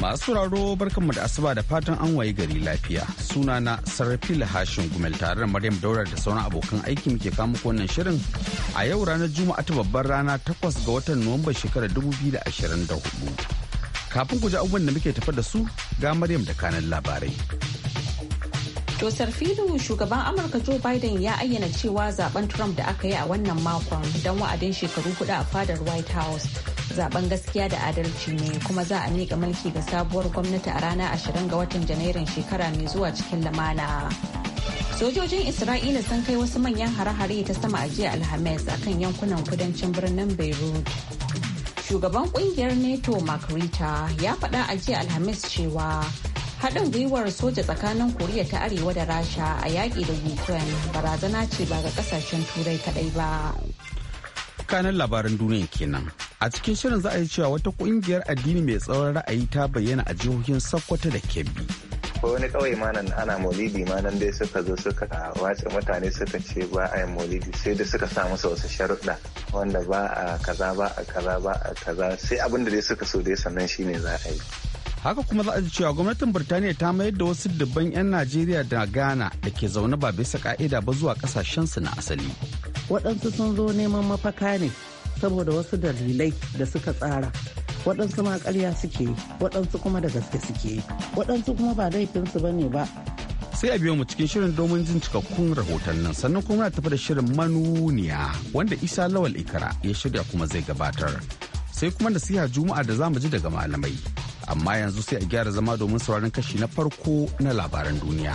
Masu sauraro barkanmu da asuba da fatan an waye gari lafiya. suna na Sarrafi Hashin Gumel tare da Maryam Daular da sauran abokan aiki muke kama wannan shirin a yau ranar Juma'a ta babbar rana takwas ga watan Nuwamba shekarar hudu Kafin ku ji abubuwan da muke tafa da su ga Maryam da kanan labarai. To Sarfilu shugaban Amurka Joe Biden ya ayyana cewa zaben Trump da aka yi a wannan makon don wa'adin shekaru hudu a fadar White House zaben gaskiya da adalci ne kuma za a miƙa mulki ga sabuwar gwamnati a ranar 20 ga watan janairun shekara mai zuwa cikin lamana. Sojojin Isra'ila sun kai wasu manyan hare-hare ta sama a jiya Alhamis a kan yankunan kudancin birnin Beirut. Shugaban kungiyar NATO Mark Rita ya faɗa a jiya Alhamis cewa haɗin gwiwar soja tsakanin Koriya ta Arewa da Rasha a yaƙi da Ukraine barazana ce ba ga ƙasashen Turai kaɗai ba. Kanan labaran duniya kenan. a cikin shirin za a yi cewa wata kungiyar addini mai tsawon ra'ayi ta bayyana a jihohin sokoto da kebbi ko wani kawai manan ana maulidi ma dai suka zo suka wace mutane suka ce ba a yi maulidi sai da suka sa masa wasu sharuɗa wanda ba a kaza ba a kaza ba a kaza sai abin da dai suka so dai sannan shine za a yi haka kuma za a ji cewa gwamnatin birtaniya ta mayar da wasu dubban 'yan najeriya da ghana da ke zaune ba bisa ka'ida ba zuwa kasashen su na asali waɗansu sun zo neman mafaka ne saboda wasu dalilai da suka tsara waɗansu ma ƙarya suke waɗansu kuma da gaske suke waɗansu kuma ba laifinsu ba ne ba sai a biyo mu cikin shirin domin jin cikakkun rahoton nan sannan kuma na tafi da shirin manuniya wanda isa lawal ikara ya shirya kuma zai gabatar sai kuma nasiha juma'a da zamu ji daga malamai amma yanzu sai a gyara zama domin sauraron kashi na farko na labaran duniya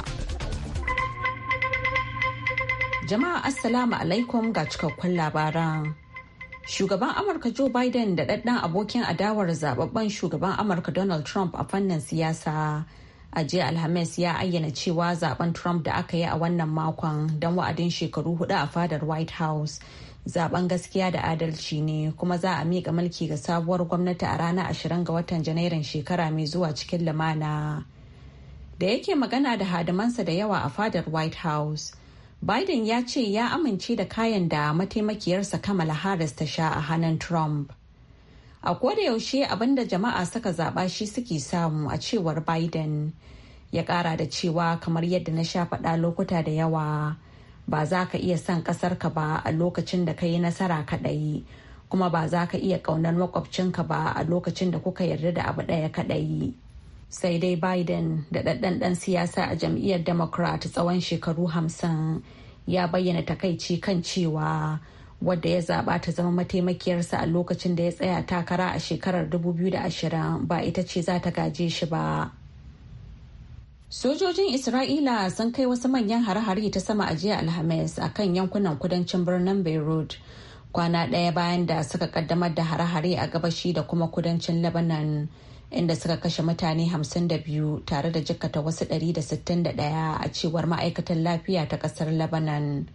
jama'a assalamu alaikum ga cikakkun labaran Shugaban Amurka Joe Biden da ɗaɗɗan abokin adawar zababben shugaban Amurka Donald Trump a fannin siyasa. A jiya Alhamis ya ayyana cewa zaben Trump da aka yi a wannan makon don wa'adin shekaru hudu a fadar White House. Zaben gaskiya da adalci ne kuma za a miƙa mulki ga sabuwar gwamnati a ranar ashirin ga watan Janairun shekara mai zuwa cikin lumana. Da yake magana da hadimansa da yawa a fadar White House. Biden ya ce ya amince da kayan da mataimakiyarsa Kamala Harris ta sha a hannun Trump. A kodayaushe abinda jama'a suka zaba shi suke samu a cewar Biden. Ya kara da cewa kamar yadda na sha faɗa lokuta da yawa ba za ka iya son ƙasarka ba a lokacin da ka yi nasara kaɗai. kuma ba za ka iya ƙaunar makwabcinka ba a lokacin da kuka yarda da abu ɗaya kaɗai. sai dai biden da ɗaɗɗan siyasa a jam'iyyar democrat tsawon shekaru hamsin ya bayyana takaici kan cewa wadda ya zaɓa ta zama mataimakiyarsa a lokacin da ya tsaya takara a shekarar 2020 ba ita ce za ta gaje shi ba sojojin isra'ila sun kai wasu manyan hare-hare ta sama a jiya alhamis a kan yankunan kudancin birnin beirut kwana ɗaya bayan da suka kaddamar da hare-hare a gabashi da kuma kudancin lebanon inda suka kashe mutane 52 tare da jikkata wasu 161 a cewar ma'aikatan lafiya ta kasar Lebanon.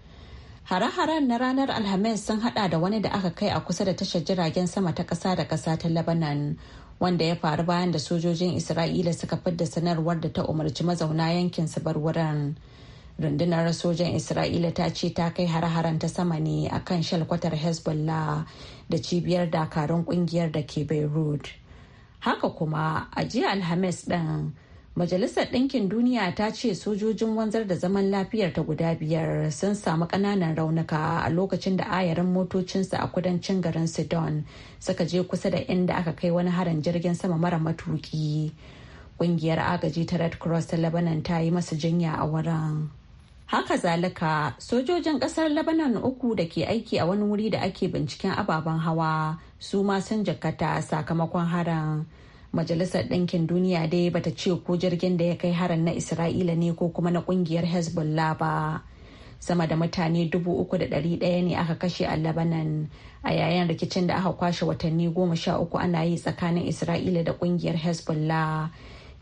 Hare-haren na ranar Alhamis sun hada da wani da aka kai a kusa da tashar jiragen sama ta kasa da kasa ta Lebanon, wanda ya faru bayan da sojojin Isra'ila suka fidda sanarwar da ta umarci mazauna yankin su bar wurin. Rundunar sojan Isra'ila ta ce ta kai hare-haren ta sama ne akan kan shalkwatar Hezbollah da cibiyar dakarun kungiyar da ke Beirut. haka kuma a jiya alhamis ɗin majalisar ɗinkin duniya ta ce sojojin wanzar da zaman lafiyar ta guda biyar sun samu ƙananan raunuka a lokacin da ayarin motocinsu a kudancin garin sidon suka je kusa da inda aka kai wani harin jirgin sama mara matuki ƙungiyar agaji ta red cross ta lebanon ta yi masu jinya a wurin haka zalika sojojin kasar labanan uku da ke aiki a wani wuri da ake binciken ababen hawa su ma sun jakata sakamakon haran majalisar ɗinkin duniya dai bata ce ko jirgin da ya kai haran na isra'ila ne ko kuma na kungiyar hezbollah ba sama da mutane dubu uku da ɗari ɗaya ne aka kashe a labanan a yayin rikicin da aka kwashe watanni goma sha uku ana yi tsakanin isra'ila da kungiyar hezbollah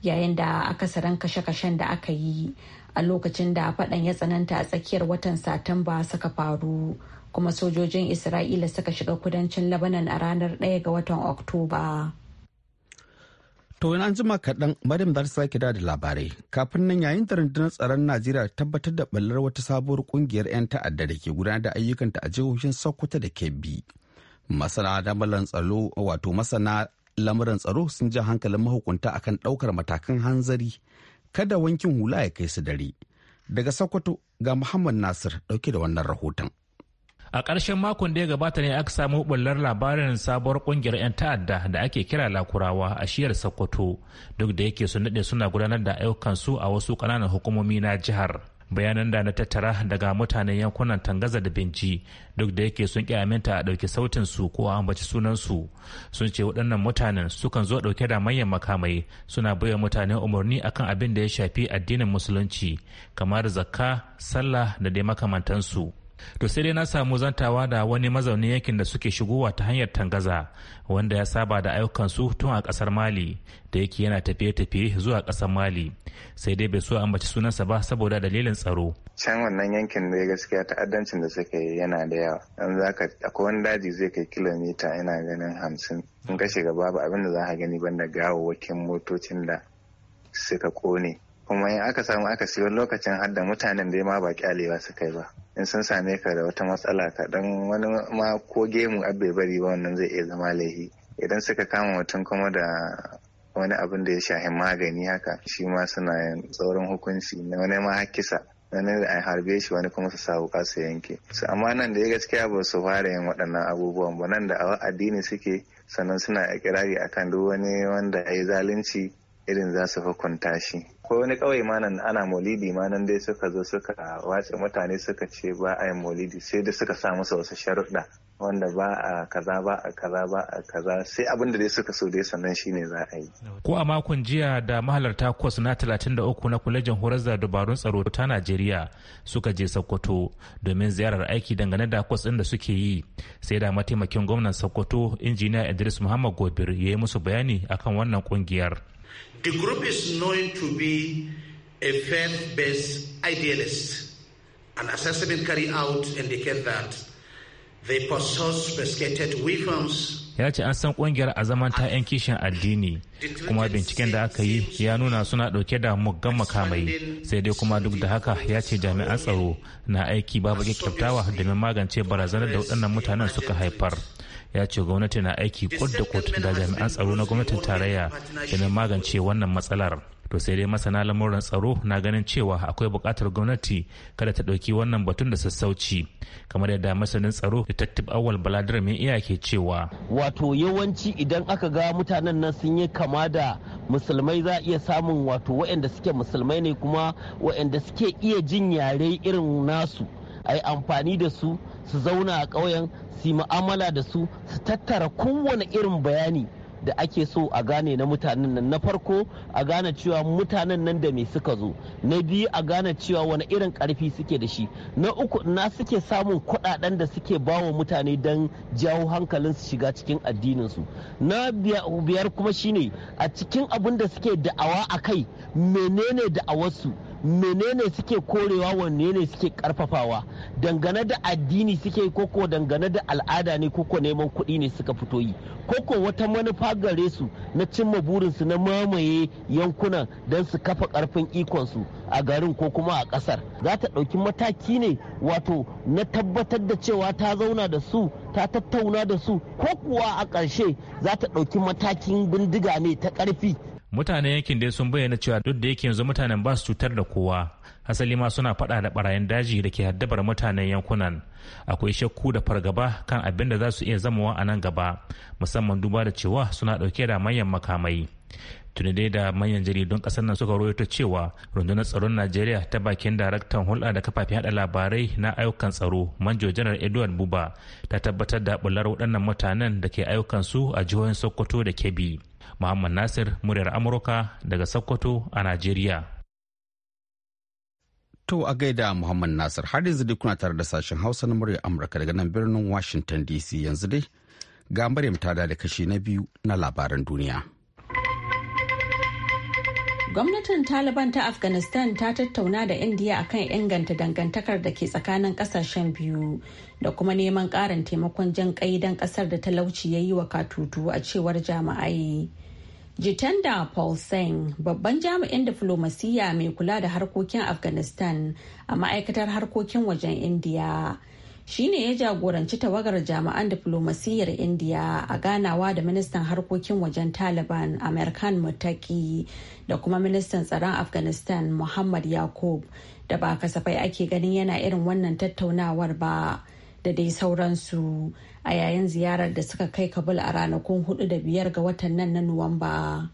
yayin da akasarin kashe-kashen da aka yi a lokacin da faɗan ya tsananta a tsakiyar watan satumba suka faru kuma sojojin isra'ila suka shiga kudancin labanan a ranar 1 ga watan oktoba To an jima kaɗan Maryam za ta sake da labarai. Kafin nan yayin da rundunar tsaron Najeriya tabbatar da ɓallar wata sabuwar ƙungiyar 'yan ta'adda da ke gudanar da ayyukanta a jihohin Sokoto da Kebbi. Masana lamarin tsaro wato masana lamuran tsaro sun ji hankalin mahukunta akan ɗaukar matakan hanzari kada wankin hula ya kai su dare. Daga Sokoto ga Muhammad Nasir dauke da wannan rahoton. A ƙarshen makon da ya gabata ne aka samu bullar labarin sabuwar ƙungiyar 'yan ta'adda da ake kira lakurawa a shiyar Sokoto duk da yake su nade suna gudanar da ayyukansu a wasu ƙananan hukumomi na jihar. bayanan da na tattara daga mutanen yankunan tangaza da binci duk da yake sun kyaminta a ɗauki sautin su ko an ambaci sunan su sun ce waɗannan mutanen sukan zo ɗauke da manyan makamai suna baiwa mutane umarni akan abin da ya shafi addinin musulunci kamar zakka sallah da dai makamantansu to sai dai na samu zantawa da wani mazaunin yankin da suke shigowa ta hanyar tangaza wanda ya saba da ayyukan su tun a kasar mali da yake yana tafiye-tafiye zuwa kasar mali sai dai bai so a ambaci sunansa ba saboda dalilin tsaro can wannan yankin da gaskiya ta'addancin da suka yi yana da yawa dan zaka akwai wani daji zai kai kilomita yana ganin hamsin in ka shiga babu abin da za ka gani banda gawawwakin motocin da suka kone kuma in aka samu aka siyo lokacin har da mutanen da ma ba kyalewa su kai ba in sun same ka da wata matsala ka dan wani ma ko gemu abe bari ba wannan zai iya zama laifi idan suka kama mutum kuma da wani abin da ya shahi magani haka shi ma suna yin tsoron hukunci na wani ma hakisa wani da an harbe shi wani kuma su sabu wuka yanke su amma nan da ya gaskiya ba su fara yin waɗannan abubuwan ba nan da a addini suke sannan suna ikirari akan duk wani wanda ya yi zalunci irin za su hukunta shi akwai wani kawai manan ana maulidi manan dai suka zo suka wace mutane suka ce ba a yin maulidi sai da suka sa masa wasu sharuɗa wanda ba a kaza ba a kaza ba a kaza sai abin da dai suka so dai sannan shine za a yi. Ko a makon jiya da mahalarta kwas na 33 na kwalejin horar da dabarun tsaro ta Najeriya suka je Sokoto domin ziyarar aiki dangane da kwas ɗin da suke yi sai da mataimakin gwamnan Sokoto injiniya Idris Muhammad Gobir ya yi musu bayani akan wannan kungiyar. The group is known to be a faith based idealist. An assessment carried out indicates that they possess persecuted weapons ya ce an san kungiyar a zaman ta 'yan kishin addini kuma binciken da aka yi ya nuna suna ɗauke da muggan makamai sai dai kuma duk da haka ya ce jami'an tsaro na aiki babu kyakkyawa domin magance barazanar da waɗannan mutanen suka haifar ya ce gwamnati na aiki kod da kod da jami'an tsaro na gwamnatin tarayya domin magance wannan matsalar to sai dai masana lamuran tsaro na ganin cewa akwai buƙatar gwamnati kada ta ɗauki wannan batun da sassauci kamar yadda masanin tsaro da tattib awal baladar mai iya ke cewa wato yawanci idan aka ga mutanen nan sun yi kama da musulmai za a iya samun wato waɗanda suke musulmai ne kuma waɗanda suke iya jin yare irin nasu a yi amfani da su su zauna a ƙauyen su mu'amala da su su tattara kowane irin bayani da ake so a gane na mutanen nan na farko a gane cewa mutanen nan da me suka zo na biyu a gane cewa wani irin karfi suke da shi na uku na suke samun kudaden da suke bawa mutane don jawo hankalin su shiga cikin addininsu su na biyar kuma shine a cikin abin da suke da'awa a kai menene da'awarsu menene suke korewa wanne ne suke karfafawa dangane da addini suke koko dangane da al'ada ne koko neman kuɗi ne suka fito yi koko wata manufa gare su na cimma burinsu na mamaye yankunan don su kafa karfin ikonsu a garin ko kuma a ƙasar za ta ɗauki mataki ne wato na tabbatar da cewa ta zauna da su ta tattauna da su ko kuwa a ƙarshe za ta ɗauki matakin bindiga ne ta ƙarfi mutanen yankin dai sun bayyana cewa duk da yake yanzu mutanen ba su cutar da kowa asali ma suna faɗa da barayin daji da ke haddabar mutanen yankunan akwai shakku da fargaba kan abin da za su iya zamawa a nan gaba musamman duba da cewa suna ɗauke da manyan makamai tuni dai da manyan jaridun kasar nan suka rawaito cewa rundunar tsaron najeriya ta bakin daraktan hulɗa da kafafen hada labarai na ayyukan tsaro manjo janar edward buba ta tabbatar da bular waɗannan mutanen da ke ayyukan su a jihohin sokoto da kebbi muhammad nasir muryar amurka daga sokoto a najeriya To a gaida Muhammad Nasir har yanzu dai kuna tare da sashen Hausa na muryar Amurka daga nan birnin Washington DC yanzu dai ga Maryam ta da kashi na biyu na labaran duniya. gwamnatin taliban ta afghanistan ta tattauna da indiya kan inganta dangantakar da ke tsakanin kasashen biyu da kuma neman karin taimakon jan kai don kasar da talauci ya yi wa katutu a cewar jami'ai jitanda paul singh babban jami'in diflomasiyya mai kula da harkokin afghanistan a ma'aikatar harkokin wajen indiya shine ya jagoranci tawagar jami'an diflomasiyyar indiya a ganawa da ministan harkokin wajen taliban american mutaki da kuma ministan tsaron afghanistan muhammad yakub da ba kasafai ake ganin yana irin wannan tattaunawar ba da dai sauransu a yayin ziyarar da suka kai kabul a ranakun hudu da biyar ga watan nan na nuwamba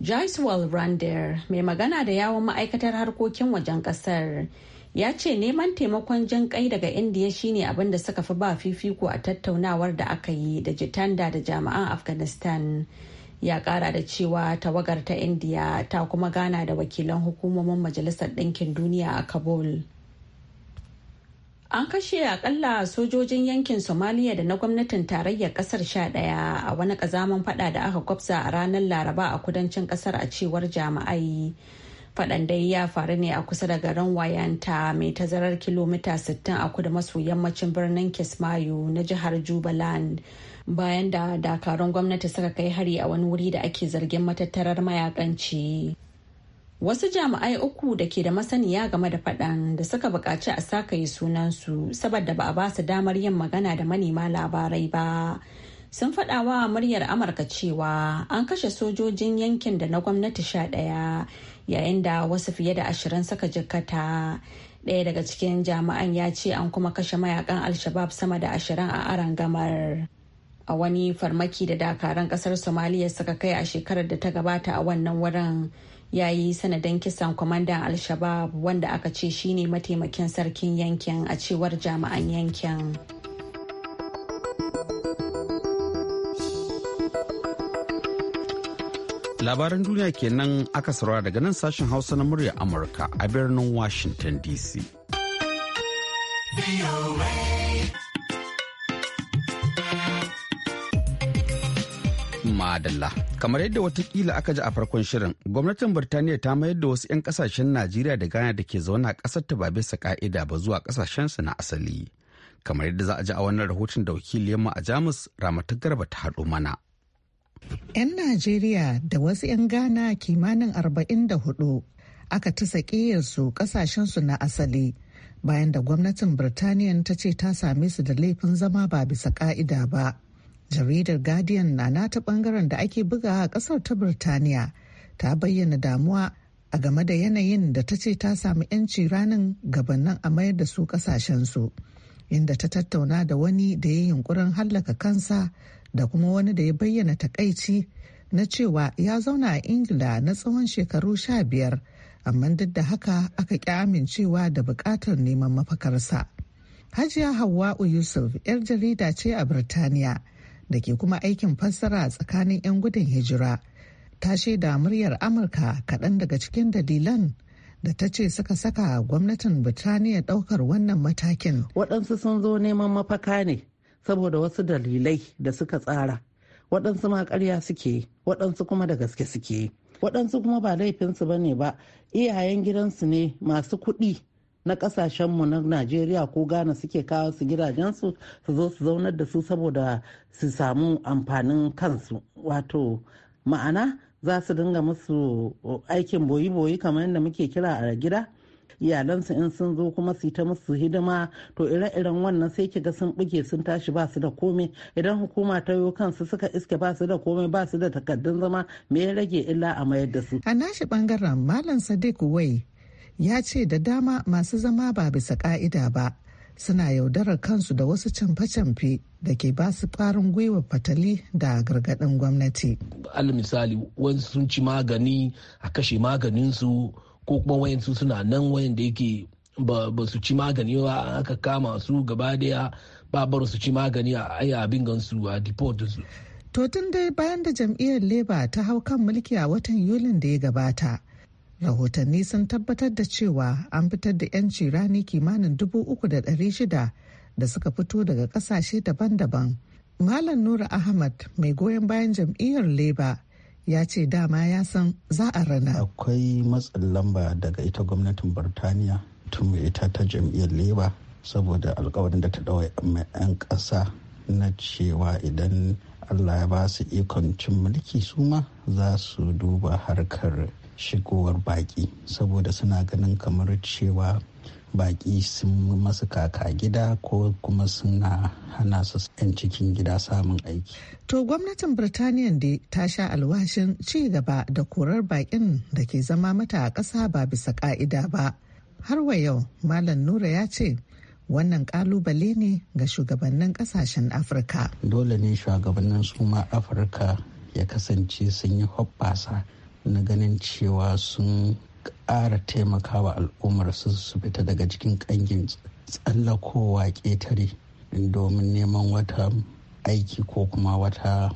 joyce wall mai magana da yawon ma'aikatar harkokin wajen kasar ya ce neman taimakon jan kai daga indiya shine abin da suka fi ba fifiko a tattaunawar da aka yi da jitanda da jami'an afghanistan ya kara da cewa tawagar ta indiya ta kuma gana da wakilan hukumomin majalisar ɗinkin duniya a kabul an kashe akalla sojojin yankin somaliya da na gwamnatin tarayyar kasar sha daya a wani kazaman fada da aka gwabza a ranar laraba a kudancin kasar a cewar jami'ai faɗan dai ya faru ne a kusa da garin wayanta mai tazarar kilomita 60 a kudu maso yammacin birnin kismayo na jihar jubaland bayan da dakarun gwamnati suka kai hari a wani wuri da ake zargin matattarar mayakanci wasu jami'ai uku da ke da masaniya game da faɗan da suka buƙaci a sakaye sunansu saboda ba a ba su damar yin magana da manema labarai ba sun faɗa wa muryar amurka cewa an kashe sojojin yankin da na gwamnati sha ɗaya yayin da wasu fiye da ashirin saka jikkata ɗaya daga cikin jami'an ya ce an kuma kashe mayakan alshabab sama da ashirin a gamar a wani farmaki da dakaran kasar somaliya suka kai a shekarar da ta gabata a wannan wurin ya yi sanadin kisan kwamandan alshabab wanda aka ce shine mataimakin sarkin yankin a cewar jami'an yankin Labaran duniya kenan aka saurara daga nan sashen Hausa na murya Amurka a birnin Washington DC. Madalla. Kamar yadda watakila aka ji a farkon shirin, gwamnatin Birtaniya ta mayar da wasu 'yan kasashen Najeriya da Ghana da ke zaune a ƙasar ta ba bisa ka'ida ba zuwa ƙasashensu na asali. Kamar yadda za a ji a wannan rahoton da yamma a Jamus Ramatu Garba ta haɗo mana. 'Yan Najeriya da wasu 'yan Ghana kimanin 44 aka ta su kasashensu na asali bayan da gwamnatin Birtaniya ta ce ta same su da laifin zama ba bisa ka'ida ba. Jaridar Guardian na nata bangaren da ake buga a kasar ta Birtaniya ta bayyana damuwa a game da yanayin da ta ce ta samu 'yanci ranar gabanin a mayar da su kasashensu inda ta tattauna da wani da ya yunkurin hallaka kansa da kuma wani da ya bayyana takaici na cewa ya zauna a ingila na tsawon shekaru sha biyar amma duk da haka aka ƙi amincewa da buƙatar neman mafakarsa hajiya hawa'u yusuf 'yar jarida ce a birtaniya da ke kuma aikin fassara tsakanin 'yan gudun hijira ta shaida muryar amurka kaɗan daga cikin dalilan da ta ce suka saka gwamnatin birtaniya ɗaukar wannan matakin waɗansu sun zo neman mafaka ne saboda wasu dalilai da suka tsara waɗansu ma karya suke waɗansu kuma da gaske suke waɗansu kuma ba laifinsu ba ne ba iyayen gidansu ne masu kuɗi na mu na najeriya ko ghana suke kawo su gidajensu su zo su zaunar da su saboda su samu amfanin kansu wato ma'ana za su dinga musu aikin boyi-boyi kamar yadda muke kira a gida iyalansu in sun zo kuma su ta musu hidima to ire-iren wannan sai ga sun buge sun tashi ba su da komai idan hukuma ta yo kansu suka iske ba su da komai ba su da takardun zama me ya rage illa a mayar da su. A nashi bangaren Malam Sadiq Wai ya ce da dama masu zama ba bisa ka'ida ba suna yaudarar kansu da wasu camfe canfe da ke ba su farin gwiwa fatali da gargaɗin gwamnati. Al misali wasu sun ci magani a kashe maganinsu ko kuma su suna nan wayanda yake ba su ci magani ba aka kama su gaba daya ba bar su ci magani a abin gansu a deport su to tun dai bayan da jam'iyyar labour ta hau kan mulki a watan yulin da ya gabata rahotanni sun tabbatar da cewa an fitar da 'yanci rani kimanin dubu uku da dari shida da suka fito daga kasashe daban-daban malam nura ahmad mai goyon bayan jam'iyyar labour ya ce dama ya san za a rana. Akwai matsin lamba daga ita gwamnatin burtaniya tun ita ta jam'iyyar leba saboda alkawarin da ta ɗaura 'yan ƙasa na cewa idan Allah ya ba su ikon cin mulki su ma za su duba harkar shigowar baƙi saboda suna ganin kamar cewa baƙi sun masu kaka gida ko kuma suna hana su 'yan cikin gida samun aiki. To gwamnatin Birtaniya da ta sha alwashin ci gaba da korar baƙin da ke zama mata a ƙasa ba bisa ƙa'ida ba. Har wa yau Malam Nura ya ce wannan kalubale ne ga shugabannin ƙasashen Afirka. Dole ne shugabannin su ma Afirka ya kasance sun yi hoppasa na ganin cewa sun ƙara taimakawa al'ummar su su fita daga cikin ƙangin tsallakowa ƙetare domin neman wata aiki ko kuma wata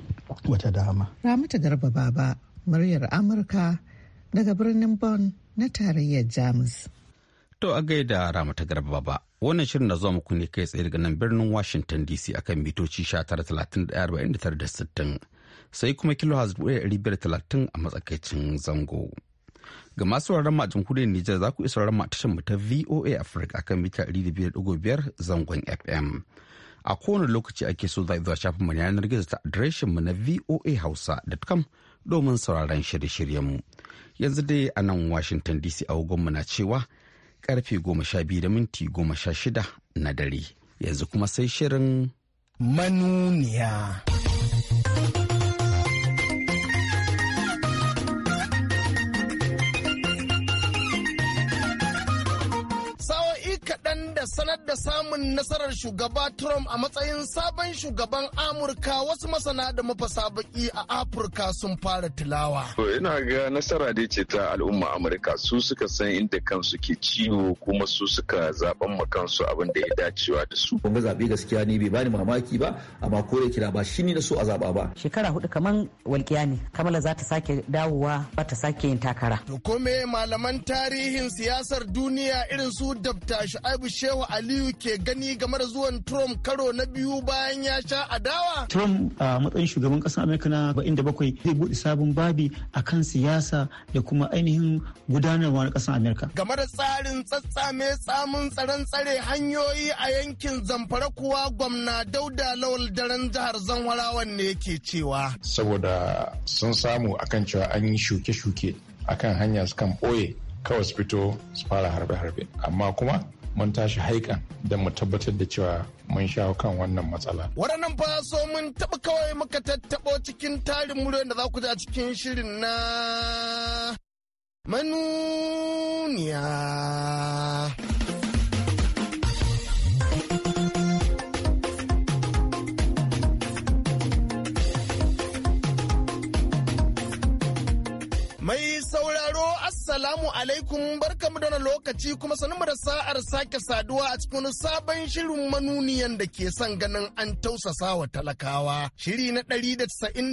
wata dama. Ramata Garba Baba, muryar Amurka daga birnin Bonn na tarayyar Jamus. To a gaida Ramata Garba Baba, wannan shirin da zuwa muku ne kai tsaye daga nan birnin Washington DC akan mitoci 19,39,60 sai kuma kilo 530 a matsakaicin zango. Ga masu sauraron ma jamhuriyar Nijar za ku isa ma tashar mu ta VOA Africa akan mita 200.5 zangon FM. A kowane lokaci ake so za zuwa shafin mu yanar gizo ta adireshin mu na voahausa.com domin sauraron shirye-shiryen mu. Yanzu dai a nan Washington DC a mu na cewa karfe goma sha biyu da minti goma sha shida na dare. Yanzu kuma sai shirin manuniya. da sanar da samun nasarar shugaba Trump a matsayin sabon shugaban Amurka wasu masana da mafasa baki a Afirka sun fara tilawa. To ina ga nasara dai ce ta al'umma Amurka su suka san inda kansu ke ciwo kuma su suka zaben ma kansu abin da ya dacewa da su. Kun ga zabe gaskiya ne bai bani mamaki ba amma ko da kira ba shi ne na so a zaba ba. Shekara hudu kaman walƙiya ne Kamala za ta sake dawowa ba ta sake yin takara. To kome malaman tarihin siyasar duniya irin su Dr. Shu'aibu yau Aliyu ke gani game da zuwan Trump karo na biyu bayan ya sha adawa? Trump a matsayin shugaban ƙasar Amurka na ba'in da bakwai zai buɗe sabon babi a kan siyasa da kuma ainihin gudanarwa na ƙasar Amurka. Game da tsarin tsatsame tsamin tsaron tsare hanyoyi a yankin Zamfara kuwa gwamna Dauda Lawal daren jihar zanwarawa ne yake cewa. Saboda sun samu akan cewa an yi shuke-shuke akan hanya sukan ɓoye kawai su fito su fara harbe-harbe amma kuma mun tashi haikan da mu tabbatar da cewa mun shawo kan wannan matsala. Waɗannan fa so mun taɓa kawai muka tattaɓo cikin tarin muryar da za ku ji a cikin shirin na manuniya. Mai sauraro Assalamu alaikum bar barkanmu da wani lokaci kuma sanin da sa'ar sake saduwa a cikin sabon shirin manuniyan da ke son ganin an tausasa wa talakawa. Shiri na ɗari da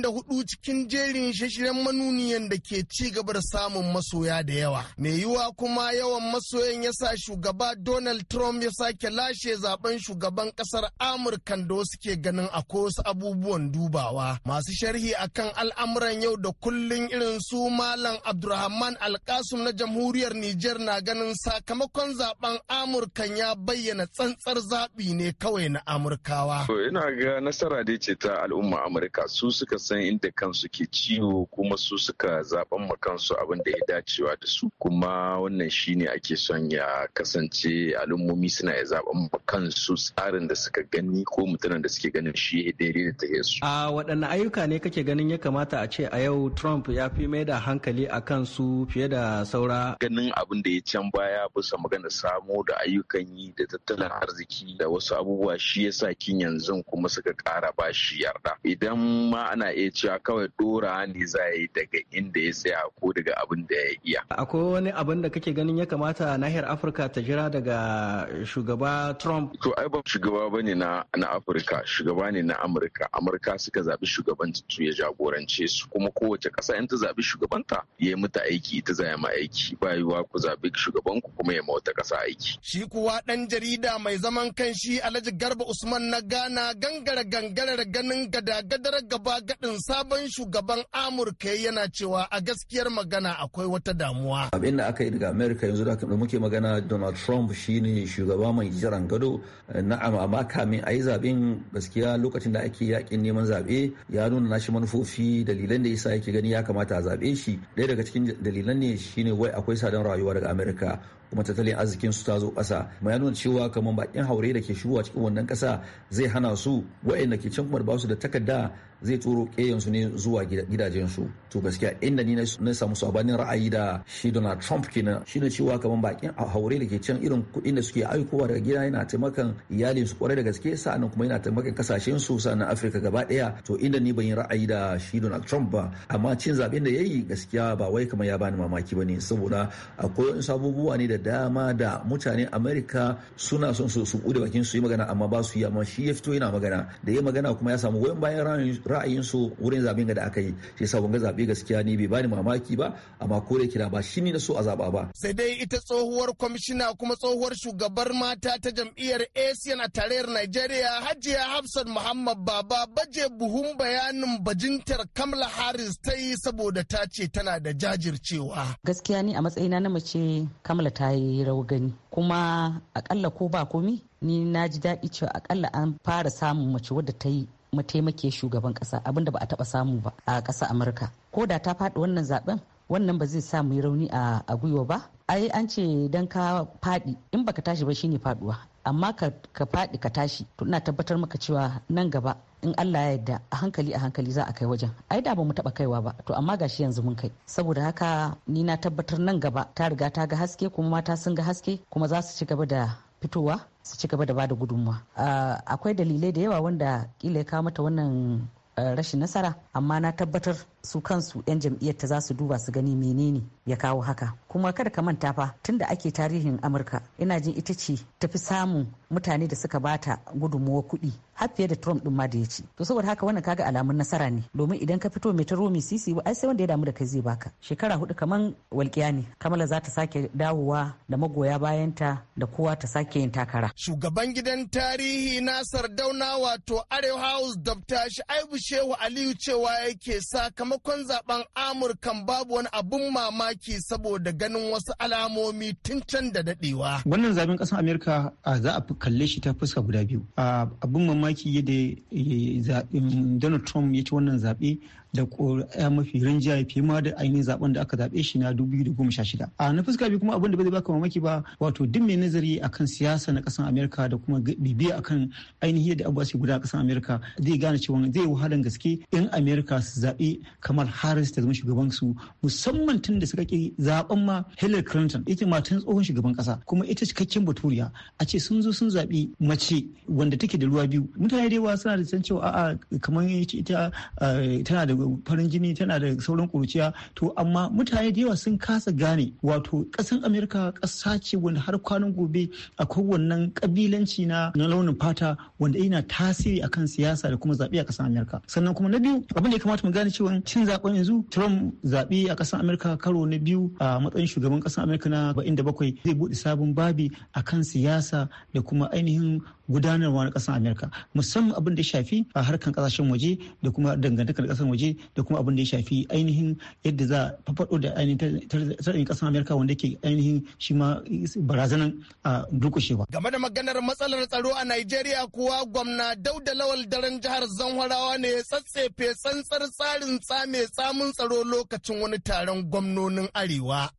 da hudu cikin jerin shashiren manuniyan da ke ci gaba da samun masoya da yawa. Me yiwuwa kuma yawan masoyan ya sa shugaba Donald Trump ya sake lashe zaben shugaban ƙasar amurka da wasu ke ganin a wasu abubuwan dubawa. Masu sharhi akan al'amuran yau da kullun irin su Malam Abdulrahman Alkasum na jamhuriyar Nijar jam'iyyar na ganin sakamakon zaben amurka ya bayyana tsantsar zaɓi ne kawai na Amurkawa. Ina ga nasara dai ce ta al'umma Amurka su suka san inda kansu ke ciwo kuma su suka zaben kansu abin da ya dacewa da su kuma wannan shine ake son ya kasance al'ummomi suna ya zaben kansu tsarin da suka gani ko mutanen da suke ganin shi daidai da ta su. A waɗanne ayyuka ne kake ganin ya kamata a ce a yau Trump ya fi mai da hankali a kansu fiye da saura. Ganin abin da ya can baya bisa magana samo da ayyukan yi da tattalin arziki da wasu abubuwa shi yasa kin yanzu kuma suka kara ba shi yarda idan ma ana iya cewa kawai dora ne za yi daga inda ya tsaya ko daga abin da ya iya akwai wani abin da kake ganin ya kamata nahiyar afirka ta jira daga shugaba trump to ai ba shugaba ne na na afirka shugaba ne na amurka amurka suka zaɓi shugaban su ya jagorance su kuma kowace ƙasa in ta zaɓi shugabanta ya yi mata aiki ta zaya ma aiki bayuwa yiwuwa ku zaɓi zaɓi shugaban ku kuma ya ma wata ƙasa aiki. Shi kuwa ɗan jarida mai zaman kanshi Alhaji Garba Usman na Ghana gangare-gangare gangarar ganin gadagadar gaba gadin sabon shugaban Amurka yana cewa a gaskiyar magana akwai wata damuwa. Abin da aka yi daga Amerika yanzu da muke magana Donald Trump shine shugaba mai jiran gado na amma kamin a yi zaɓen gaskiya lokacin da ake yakin neman zaɓe ya nuna nashi manufofi dalilan da yasa yake gani ya kamata a zaɓe shi ɗaya daga cikin dalilan ne shine wai akwai sadan rayuwa daga amurka kuma tattalin arzikin su ta zo ƙasa ma ya nuna cewa kamar bakin haure da ke shigowa cikin wannan ƙasa zai hana su waɗanda ke can kuma ba su da takarda zai turo ƙeyansu ne zuwa gidajensu to gaskiya inda ni na samu sabanin ra'ayi da shi donald trump kenan shi ne cewa kamar bakin a haure da ke can irin kuɗin da suke aikowa daga gida yana taimakan iyalinsu kwarai da gaske sa'annan kuma yana taimakan kasashen su sa'annan afirka gaba ɗaya to inda ni ban yi ra'ayi da shi donald trump ba amma cin zaɓen da ya yi gaskiya ba wai kamar ya bani mamaki ba ne saboda akwai wasu sabubuwa ne da dama da mutane amerika suna son su su bude bakin su yi magana amma ba su yi amma shi ya fito yana magana da ya magana kuma ya samu goyon bayan ra'ayinsu wurin zaben da aka yi shi yasa ga zabe gaskiya ni bai bani mamaki ba amma ko da kira ba shi ne na so a zaba ba sai dai ita tsohuwar kwamishina kuma tsohuwar shugabar mata ta jam'iyyar ASEAN a tarayyar Najeriya Hajiya Hafsat Muhammad Baba baje buhun bayanin bajintar Kamala Harris ta yi saboda ta ce tana da jajircewa gaskiya ni a matsayina na mace Kamala ta yi gani kuma akalla ko ba komi ni na ji daɗi cewa akalla an fara samun mace wadda ta yi kuma taimake shugaban kasa abinda ba a taba samu ba a kasa amurka ko da ta faɗi wannan zaben wannan ba zai sa mu rauni a gwiwa ba ai an ce dan ka faɗi in baka tashi ba shine faɗuwa amma ka faɗi ka tashi to ina tabbatar maka cewa nan gaba in Allah ya yarda a hankali a hankali za a kai wajen ai da ba mu taba kaiwa ba to amma gashi yanzu mun kai saboda haka ni na tabbatar nan gaba ta riga ta ga haske kuma mata sun ga haske kuma za su ci gaba da fitowa su ci gaba da bada gudunmuwa ah, akwai dalilai da yawa wanda kila ya kawo mata wannan ah, rashin nasara amma na tabbatar su kansu 'yan jam'iyyar ta za su duba su gani menene ya kawo haka kuma kada ka manta fa tunda ake tarihin amurka ina jin ita ce tafi samun mutane da suka bata gudunmuwa kuɗi har fiye da trump ɗin ma da ya ci to saboda haka wannan kaga alamun nasara ne domin idan ka fito mai ta romi sisi ai sai wanda ya damu da kai zai baka shekara hudu kaman walƙiya ne kamala za ta sake dawowa da magoya bayanta da kowa ta sake yin takara shugaban gidan tarihi nasar dauna wato arewa house dabta shi aibu shehu aliyu cewa yake sa sakamakon zaben Amurka babu wani abun mamaki saboda ganin wasu alamomi tun can da dadewa wannan zaben kasan amerika za a kalle shi ta fuska guda biyu abun mamaki yadda eh, donald trump ya ci wannan zaɓe da ƙuri'a mafi rinjaye fiye ma da ainihin zaben da aka zaɓe shi na 2016 a na fuska biyu kuma abin da bai baka mamaki ba wato duk mai nazari akan siyasa na ƙasar amerika da kuma bibiya akan ainihin yadda abuwa su guda a ƙasar amerika zai gane cewa zai wahalar gaske in amerika su zaɓi kamar harris ta zama shugaban su musamman tun da suka ƙi zaben ma hillary clinton ita matan tsohon shugaban ƙasa kuma ita cikakken baturiya a ce sun zo sun zaɓi mace wanda take da ruwa biyu mutane da yawa suna da san cewa a'a kamar ita eh, tana da farin jini tana da sauran kuruciya to amma mutane da yawa sun kasa gane wato ƙasan amerika kasa ce wanda har kwanan gobe akwai wannan kabilanci na launin fata wanda yana tasiri akan siyasa da kuma zaɓe a ƙasan amerika sannan kuma na biyu abin da ya kamata mu gane cewa cin zaɓen yanzu trump zaɓe a ƙasan amerika karo na biyu a matsayin shugaban ƙasan amerika na bakwai zai buɗe sabon babi akan siyasa da kuma ainihin gudanarwa na kasar amerika musamman abin da ya shafi a harkar ƙasashen waje da kuma dangantakar ƙasar waje da kuma abin da ya shafi ainihin yadda za a faɗo da ainihin kasar ƙasar amerika wanda ke ainihin shi ma barazanan a dukushewa game da maganar matsalar tsaro a Najeriya kuwa gwamna dauda lawal daren jihar zamfarawa ne ya tsatsefe tsantsar tsarin tsame samun tsaro lokacin wani taron gwamnonin arewa.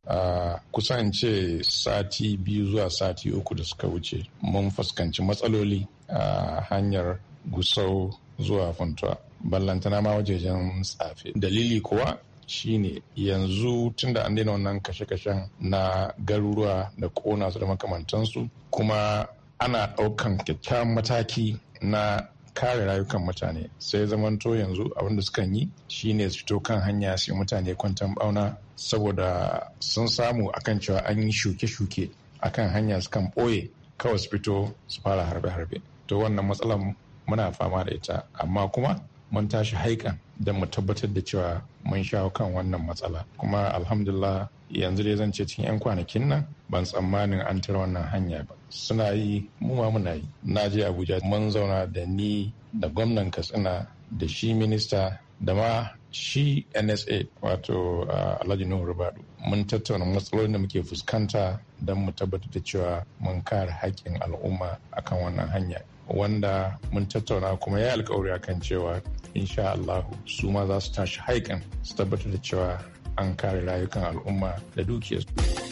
kusan ce sati biyu zuwa sati uku da suka wuce mun fuskanci matsalolin matsaloli a hanyar gusau zuwa funtuwa ballantana ma wajejen tsafe dalili kuwa shine yanzu tunda an daina wannan kashe-kashen na garuruwa da kona su da makamantansu kuma ana ɗaukan kyakkyawan mataki na kare rayukan mutane sai zamanto yanzu abin da sukan yi shine su fito kan hanya su mutane kwantan bauna saboda sun samu akan cewa an yi shuke-shuke akan hanya sukan ɓoye kawai su fito su fara harbe-harbe to wannan matsalar muna fama da ita amma kuma mun tashi haikan don mu tabbatar da cewa mun shawo kan wannan matsala kuma alhamdulillah yanzu dai zan ce cikin 'yan kwanakin nan ban tsammanin an tara wannan hanya ba suna yi mu ma muna yi na je abuja mun zauna da ni da gwamnan katsina da shi minista da ma shi nsa wato alhaji nuhu rubadu mun tattauna matsalolin da muke fuskanta don mu tabbatar da cewa mun kare haƙƙin al'umma akan wannan hanya wanda mun tattauna kuma ya alkawari akan cewa insha allahu su ma za su tashi haikan su tabbatar da cewa an kare rayukan al'umma da dukiyarsu.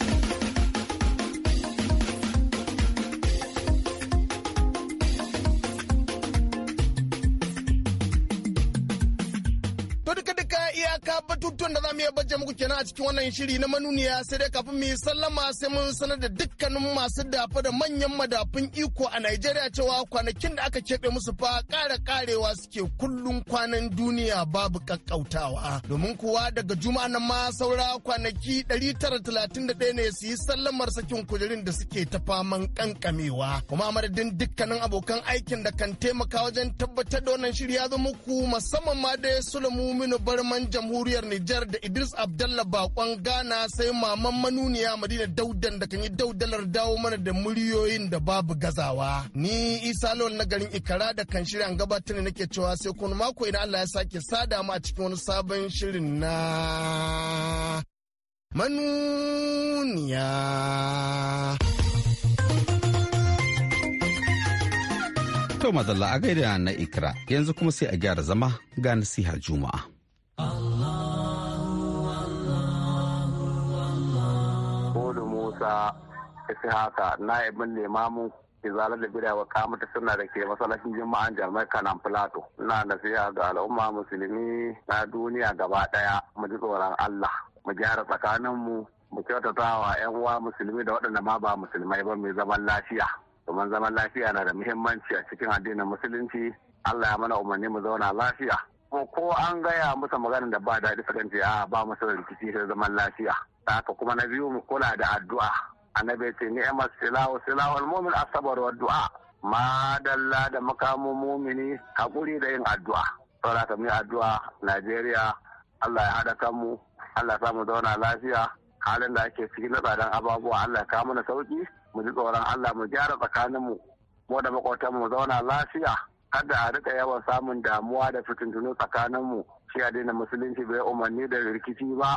Acá batutuwan da za mu iya baje muku kenan a cikin wannan shiri na manuniya sai dai kafin mu yi sallama sai mun sanar da dukkanin masu dafa da manyan madafun iko a Najeriya cewa kwanakin da aka keɓe musu fa ƙara ƙarewa suke kullum kwanan duniya babu kakkautawa. Domin kuwa daga juma'a nan ma saura kwanaki 931 ne su yi sallamar sakin kujerin da suke ta faman kankamewa. Kuma madadin dukkanin abokan aikin da kan taimaka wajen tabbatar da wannan shiri ya zo muku musamman ma dai Sulemu Minu Barman Jamhuriyar Nijar da Idris Abdallah bakon Ghana sai maman manuniya Madina Daudan da kan yi daudalar dawo mana da muryoyin da babu gazawa. Ni Isa Lawal na garin Ikara da kan shirya gabatar da nake cewa sai kun mako idan Allah ya sake sada mu a cikin wani sabon shirin na manuniya. To madalla a gaida na ikra yanzu kuma sai a gyara zama ga nasiha juma'a. ta fi haka na'ibin limamin zala da bidawa kamata suna da ke masallacin jima'an jami'ar kanan plato na nasiha ga al'umma musulmi na duniya gaba daya mu ji tsoron allah mu gyara tsakaninmu mu kyautata wa 'yan uwa musulmi da waɗanda ma ba musulmai ba mai zaman lafiya domin zaman lafiya na da muhimmanci a cikin addinin musulunci allah ya mana umarni mu zauna lafiya ko an gaya musu maganin da ba daɗi sukan ce a ba musu rikici sai zaman lafiya haka kuma na biyu mu kula da addu'a annabi ya ce ni'mat silahu silawo mu'min asabar wa du'a madalla da makamin mumini hakuri da yin addu'a saboda ka mi addu'a Najeriya Allah ya hada kanmu Allah ya samu zauna lafiya halin da ake ciki na tsadan ababuwa Allah ya kawo mana sauki mu ji tsoron Allah mu gyara tsakanin mu da makwatan mu zauna lafiya kada a rika yawan samun damuwa da fitintunu mu shi addinin musulunci bai umarni da rikici ba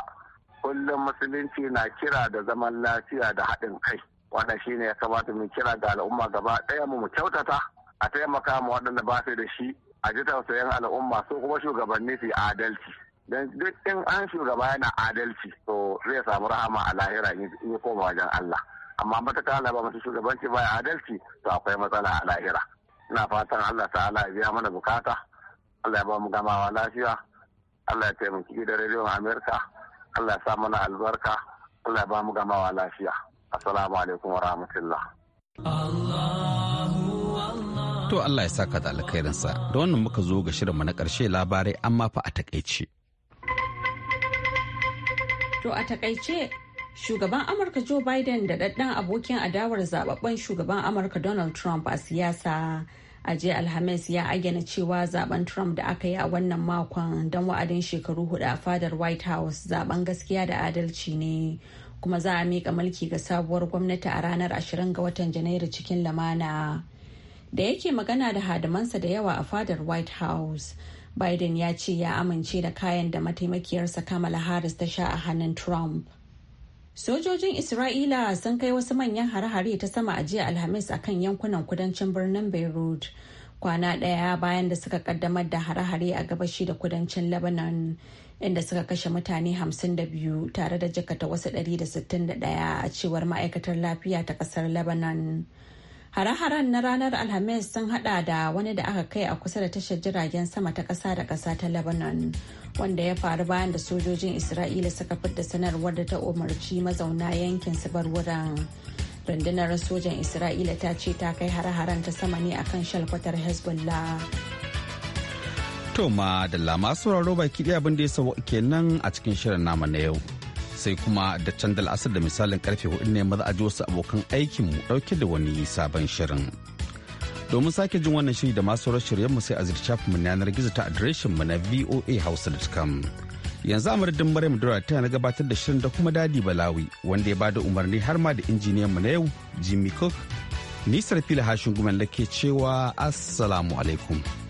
kullum musulunci na kira da zaman lafiya da haɗin kai wannan ne ya kamata mu kira ga al'umma gaba ɗaya mu kyautata a taimaka mu waɗanda ba su da shi a ji tausayin al'umma su kuma shugabanni su adalci don duk in an shugaba yana adalci to zai samu rahama a lahira in yi koma wajen Allah amma matuƙa Allah ba masu shugabanci ba adalci to akwai matsala a lahira ina fatan Allah ta'ala ya biya mana bukata Allah ya ba mu gamawa lafiya Allah ya taimaki gidan rediyon Amerika Allah ya sa mana albarka Allah ba mu gamawa lafiya assalamu alaikum wa rahmatullah to Allah ya saka da alkhairinsa da wannan muka zo ga shirinmu na karshe labarai amma fa a takaice to a takaice shugaban amurka joe biden da ɗaɗɗan abokin adawar zababben shugaban amurka donald trump a siyasa a jiya alhamis ya ayyana cewa zaben trump da aka yi a wannan makon don wa'adin shekaru hudu a fadar white house zaben gaskiya da adalci ne kuma za a miƙa mulki ga sabuwar gwamnati a ranar 20 ga watan janairu cikin lamana da yake magana da hadimansa da yawa a fadar white house biden ya ce ya amince da kayan da mataimakiyarsa kamala harris ta sha a hannun trump Sojojin Isra'ila sun kai wasu manyan hare-hare ta sama a jiya Alhamis a kan yankunan kudancin birnin Beirut. Kwana ɗaya bayan da suka kaddamar da hare-hare a gabashi da kudancin Lebanon inda suka kashe mutane 52 tare da jikata wasu 161 a cewar ma'aikatar lafiya ta ƙasar Lebanon. Hare-haren na ranar Alhamis sun hada da wani da aka kai a kusa da tashar jiragen sama ta kasa da kasa ta Lebanon, wanda ya faru bayan da sojojin Isra'ila suka fidda sanarwar da ta umarci mazauna yankin su bar wurin. Rundunar sojan Isra'ila ta ce ta kai hare-haren ta sama ne akan shalkwatar Hezbollah. To da lama sauraro baki ɗaya abin da ya sauwa kenan a cikin shirin namu na yau. sai kuma da can da la'asar da misalin karfe hudu ne maza a ji wasu abokan aikinmu dauke da wani sabon shirin. Domin sake jin wannan shiri da masu shiryenmu sai a zircafinmu na yanar gizo ta mu na voahausa.com. yanzu a madadin maryam dora na gabatar da shirin da kuma dadi balawi wanda ya bada umarni har ma da injiniyan mu na yau jimmy cook nisar fila hashin gumen da ke cewa assalamu alaikum